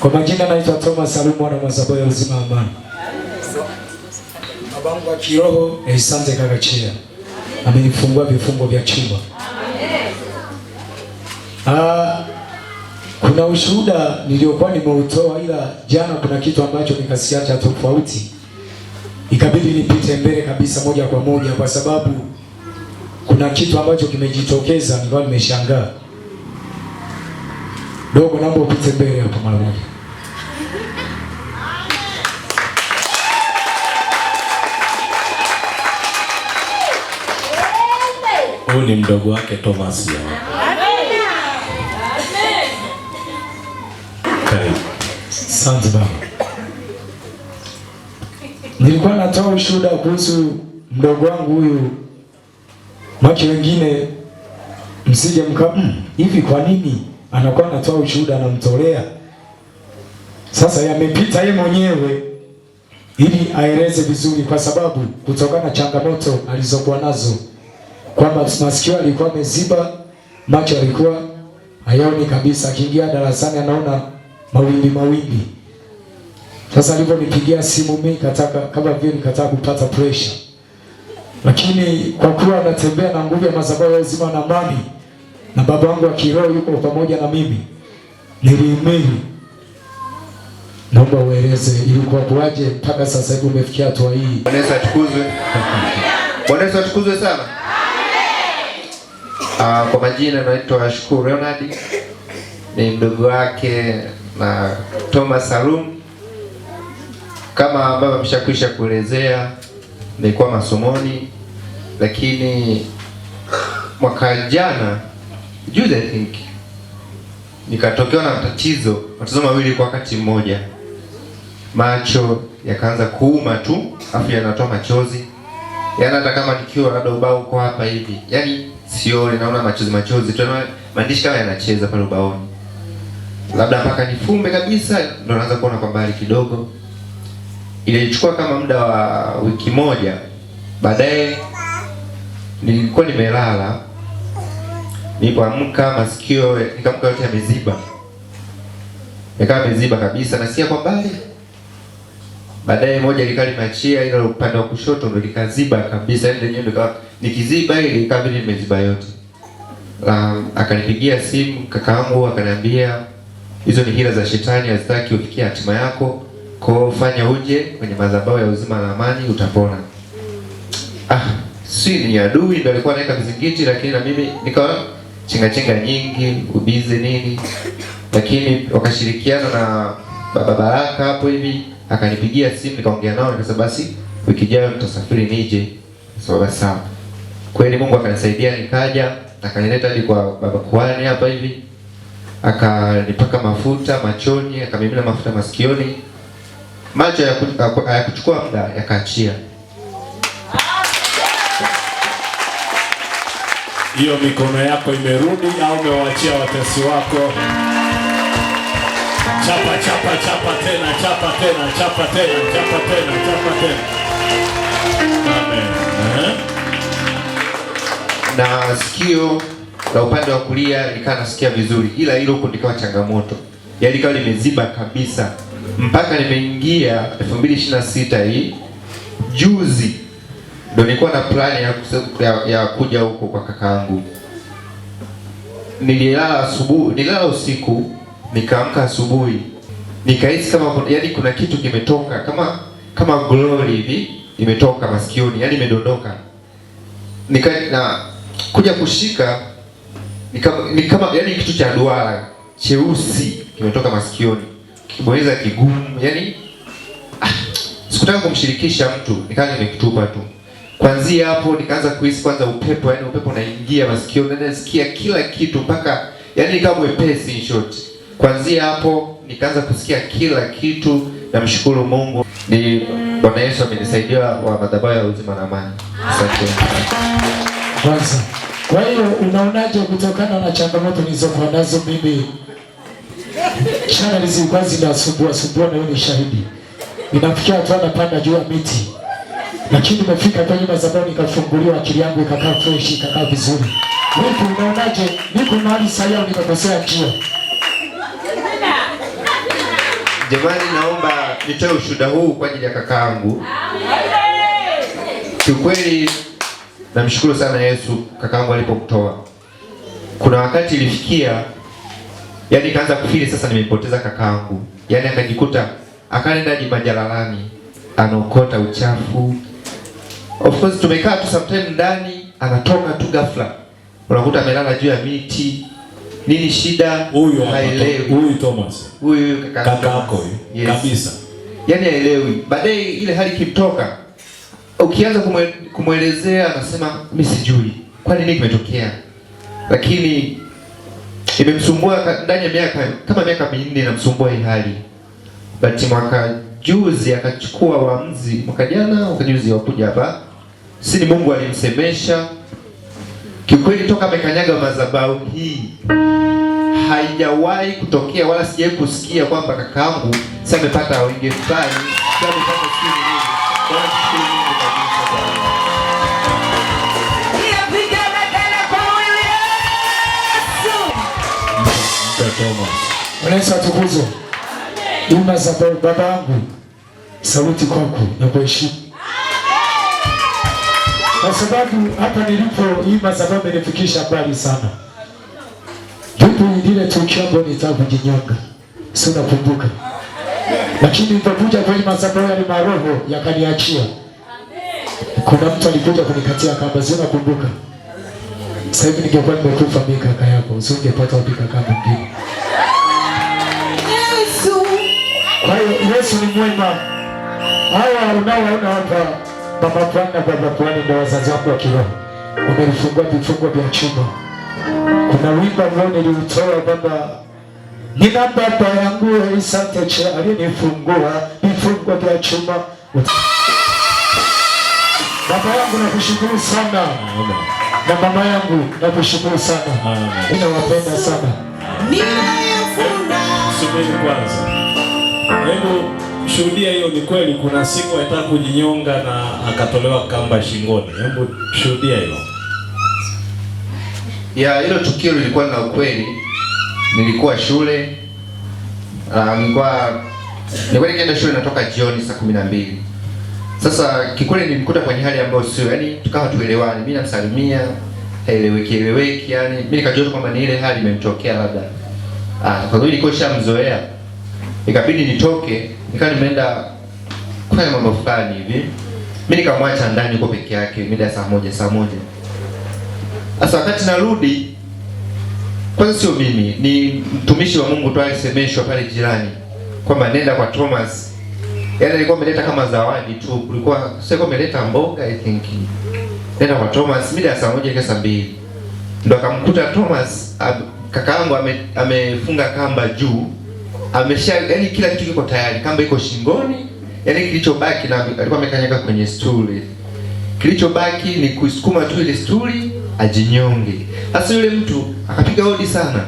Kwa majina naitwa Thomas Salumu wana Mazaboya uzima amani. Babangu wa kiroho Eisante eh, Kagachia amenifungua vifungo vya chuma. Ah, kuna ushuhuda niliokuwa nimeutoa, ila jana kuna kitu ambacho nikasiacha tofauti, ikabidi nipite mbele kabisa moja kwa moja, kwa sababu kuna kitu ambacho kimejitokeza, nilikuwa nimeshangaa. Dogo, naomba upite mbele hapo mara moja. Huyu ni mdogo wake Thomas. Asante baba. Nilikuwa natoa ushuhuda kuhusu mdogo wangu huyu, wake wengine msije mka hmm, hivi, kwa nini anakuwa anatoa ushuhuda, anamtolea. Sasa yamepita yeye mwenyewe ili aeleze vizuri, kwa sababu kutokana na changamoto alizokuwa nazo, kwamba masikio alikuwa ameziba, macho alikuwa hayaoni kabisa, akiingia darasani anaona mawimbi mawimbi. Sasa aliponipigia simu mimi kataka kama vile nikataka kupata pressure, lakini kwa kuwa anatembea na nguvu ya madhabahu ya uzima na amani na baba wangu wa kiroho yuko pamoja na mimi, niliimili. Naomba ueleze ilikuwa kuaje mpaka sasa hivi umefikia hatua hii. Bwana Yesu atukuzwe. Bwana Yesu atukuzwe sana. Uh, kwa majina naitwa Shukuru Leonard ni mdogo wake na Thomas Salum. Kama ambavyo ameshakwisha kuelezea, nilikuwa masomoni, lakini mwaka jana Juzi I think nikatokewa na tatizo, matatizo mawili kwa wakati mmoja. Macho yakaanza kuuma tu, afu yanatoa machozi, yaani hata kama nikiwa labda ubao uko hapa hivi, yaani sioni, naona machozi machozi tu, yaani maandishi kama yanacheza pale ubaoni, labda mpaka nifumbe kabisa, ndo naanza kuona kwa mbali kidogo. Ilichukua kama muda wa wiki moja, baadaye nilikuwa nimelala Nilipoamka masikio nikamka yote yameziba, nikawa meziba kabisa, nasikia kwa mbali. Baadaye moja likawa limeachia, ila upande wa kushoto ndo likaziba kabisa, yani lenyewe ndo nikiziba ile ikawa vile nimeziba yote. Um, akanipigia simu kakaangu akaniambia, hizo ni hila za shetani, hazitaki ufikie hatima yako, kwa fanya uje kwenye madhabahu ya uzima na amani utapona. Ah, si ni adui ndo alikuwa anaweka vizingiti, lakini na mimi nikawa chingachinga nyingi, ubizi nini, lakini wakashirikiana na baba Baraka hapo hivi, akanipigia simu nikaongea nao, nikasema basi wiki ijayo mtasafiri nije. Sawa sawa, kweli Mungu akanisaidia, nikaja akanileta hadi kwa baba Kwani hapa hivi, akanipaka mafuta machoni, akamimina mafuta masikioni, macho hayakuchukua muda yakaachia. hiyo mikono yako imerudi au umewaachia watesi wako? Chapa chapa chapa tena, chapa tena, chapa tena, chapa tena, chapa tena. Amen. Na sikio la upande wa kulia likawa nasikia vizuri, ila hilo huko likawa changamoto, ya yaani likawa limeziba kabisa mpaka nimeingia 2026 hii juzi ndo nilikuwa na plani ya, ya, ya kuja huko kwa kaka yangu. Nililala asubuhi, nilala usiku, nikaamka asubuhi, nikahisi kama yani kuna kitu kimetoka kama kama glory hivi imetoka masikioni, yani imedondoka. Nika na kuja kushika ni kama yani kitu cha duara cheusi kimetoka masikioni, kibonyeza kigumu, yani ah, sikutaka kumshirikisha mtu, nikawa nimekitupa tu. Kuanzia hapo nikaanza kuhisi kwanza upepo, yani upepo unaingia masikio, nasikia kila kitu mpaka yani nikawa mwepesi in short. Kuanzia hapo nikaanza kusikia kila kitu. Namshukuru Mungu, ni Bwana Yesu amenisaidia wa madhabahu ya uzima na amani. Asante. Kwanza. Kwa hiyo unaonaje kutokana na changamoto nilizokuwa nazo mimi? Chana hizi kwanza asubuhi asubuhi na wewe shahidi. Ninafikia watu wanapanda juu ya miti lakini nimefika hata nyumba za mbao nikafunguliwa, akili yangu ikakaa fresh, ikakaa vizuri. Wewe unaonaje? Niko mahali sahihi au nikakosea njia? Jamani, naomba nitoe ushuhuda huu kwa ajili ya kakaangu. Kiukweli namshukuru sana Yesu kakaangu alipokutoa. Kuna wakati ilifikia yani kaanza kufikiri sasa nimepoteza kakaangu. Yani akajikuta akaenda majalalani anaokota uchafu Of course tumekaa tu sometime ndani, anatoka tu ghafla, unakuta amelala juu ya miti. Nini shida? Huyu haelewi. Huyu Thomas, huyu kaka yako yes, kabisa, Yaani haelewi. Baadaye ile hali kimtoka, ukianza kumwe, kumwelezea anasema mimi sijui, Kwa nini kimetokea, lakini imemsumbua ndani ya miaka kama miaka minne, inamsumbua hii hali bati mwaka juzi akachukua uamuzi, mwaka jana, mwaka juzi wakuja hapa si ni Mungu alimsemesha kiukweli. Toka amekanyaga madhabahu hii haijawahi kutokea wala sijawahi kusikia kwamba kakaangu sasa amepata wingi fulani. Atukuzwe. Una sababu babangu, sauti kwako na kuheshimu kwa sababu hata nilipoimba sababu imenifikisha mbali sana. Jutu lile tukio ambalo nitaka kujinyonga, si nakumbuka, lakini nilipokuja kweli sababu ya maroho yakaniachia. Kuna mtu alikuja kunikatia kamba, si nakumbuka. Sasa hivi ningekuwa nimekufa mimi kaka yako, usingepata upika kamba mimi. Yesu. Kwa hiyo Yesu ni mwema. Hawa unaoona hapa Mama fulani na baba fulani na wazazi wangu wa kiroho, umenifungua vifungo vya chuma. Kuna wimbo ambao niliutoa baba, nina baba yangu Isateche alinifungua vifungo vya chuma. Baba yangu nakushukuru sana na mama yangu nakushukuru sana, ninawapenda sana. Nina yafunda subiri kwanza, hebu shuhudia hiyo ni kweli. Kuna siku alitaka kujinyonga na akatolewa kamba shingoni. Hebu shuhudia hiyo. ya hilo tukio lilikuwa na ukweli. Nilikuwa shule uh, nilikuwa nilikuwa nikienda shule, natoka jioni saa kumi na mbili. Sasa kikweli nilimkuta kwenye hali ambayo sio, yani tukawa tuelewani, mimi namsalimia haeleweki eleweki, yani mimi nikajua kwamba ni ile hali imemtokea labda, ah, kwa hiyo nilikuwa shamzoea, ikabidi nitoke nikawa nimeenda kufanya mambo fulani hivi, mimi nikamwacha ndani huko peke yake mida ya saa moja saa moja. Sasa wakati narudi, kwanza sio mimi, ni mtumishi wa Mungu tu alisemeshwa pale jirani kwamba nenda kwa Thomas. Yaani alikuwa ameleta kama zawadi tu, kulikuwa sio kwa ameleta mboga I think. Nenda kwa Thomas mida ya saa moja kesho saa mbili. Ndo akamkuta Thomas kaka yangu amefunga ame kamba juu amesha, yani kila kitu kiko tayari, kamba iko shingoni, yani kilichobaki na alikuwa amekanyaga kwenye stuli, kilichobaki ni kusukuma tu ile stuli ajinyonge. Sasa yule mtu akapiga hodi sana,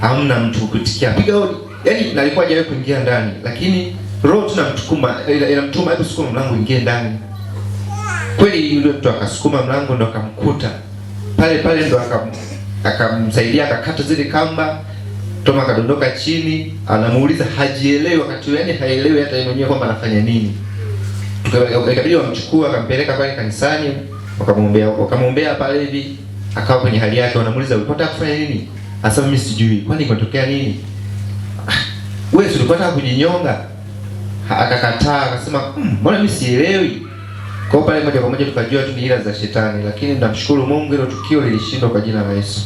hamna mtu kutikia, piga hodi, yani na alikuwa hajawahi kuingia ndani, lakini roho tunamtukuma, inamtuma hebu sukuma mlango ingie ndani. Kweli yule mtu akasukuma mlango, ndo akamkuta pale pale, ndo akam akamsaidia akakata zile kamba Toma akadondoka chini, anamuuliza hajielewi, wakati yaani haielewi hata yeye mwenyewe kwamba anafanya nini. Ikabidi wamchukua akampeleka pale kanisani, wakamwombea wakamwombea pale hivi, akawa kwenye hali yake, wanamuuliza ulipata kufanya nini? Asema mimi sijui, kwani kumetokea nini? Ah, Wewe ulipotaka kujinyonga? Akakataa, akasema hmm, mbona mimi sielewi. Kwa pale moja kwa moja tukajua tu ni ila za shetani, lakini tunamshukuru Mungu, hilo tukio lilishindwa kwa jina la Yesu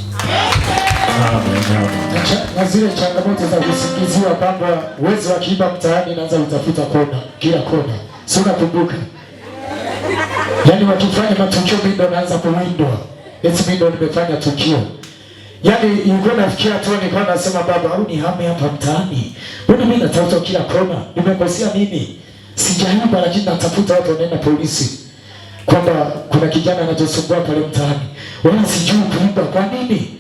na zile changamoto za kusingiziwa kwamba wezi wakiiba mtaani, naanza kutafuta kona kila kona, si unakumbuka? Yaani wakifanya matukio mimi ndo naanza kuwindwa, eti mimi ndo nimefanya tukio. Yaani ilikuwa nafikia tu nilikuwa nasema baba, au ni hame hapa mtaani, mbona mimi natafuta kila kona? Nimekosea mimi, sijaiba, lakini natafuta watu wanaenda polisi kwamba kuna kijana anachosumbua pale mtaani, wala sijui kuiba. Kwa nini?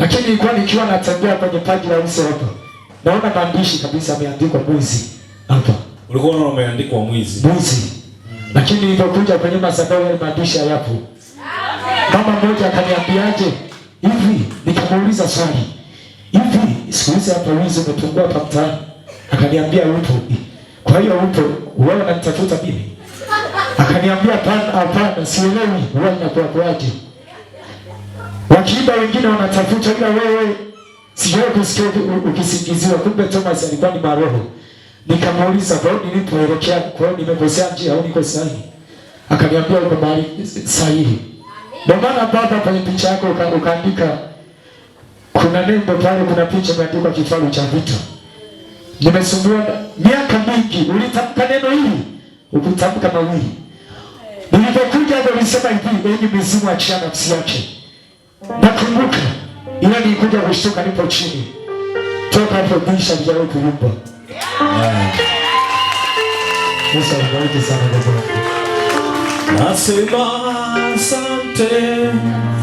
Lakini nilikuwa nikiwa natembea kwenye paji la uso hapa. Naona maandishi kabisa yameandikwa mwizi hapa. Ulikuwa unaona umeandikwa mwizi. Mwizi. Lakini nilipokuja kwenye madhabahu ya maandishi hayapo. Mama mmoja akaniambiaje? Hivi nikamuuliza swali. Hivi siku hizi hapa wizi umetungua hapa mtaani. Akaniambia upo. Kwa hiyo upo, wewe unanitafuta mimi? Akaniambia hapana, hapana, sielewi, wewe unakuwa kwaje? wakiiba wengine wanatafuta, ila wewe sijawahi kusikia ukisingiziwa. Kumbe Thomas alikuwa ni maroho. Nikamuuliza, kwa nini nilipoelekea, kwa nini nimekosea njia au niko sahihi? Akaniambia uko mahali sahihi. Ndio maana baba, kwenye picha yako ukaandika, kuna nembo pale, kuna picha imeandikwa kifalu cha vita. Nimesumbua miaka mingi, ulitamka neno hili ukutamka mawili. Nilipokuja hapo nilisema hivi, enyi mizimu, achia nafsi yake Nakumbuka ile nilikuja kushtuka nipo chini, toka hapo dirisha lijawahi kuyumba. Yesu abariki sana. Nasema asante.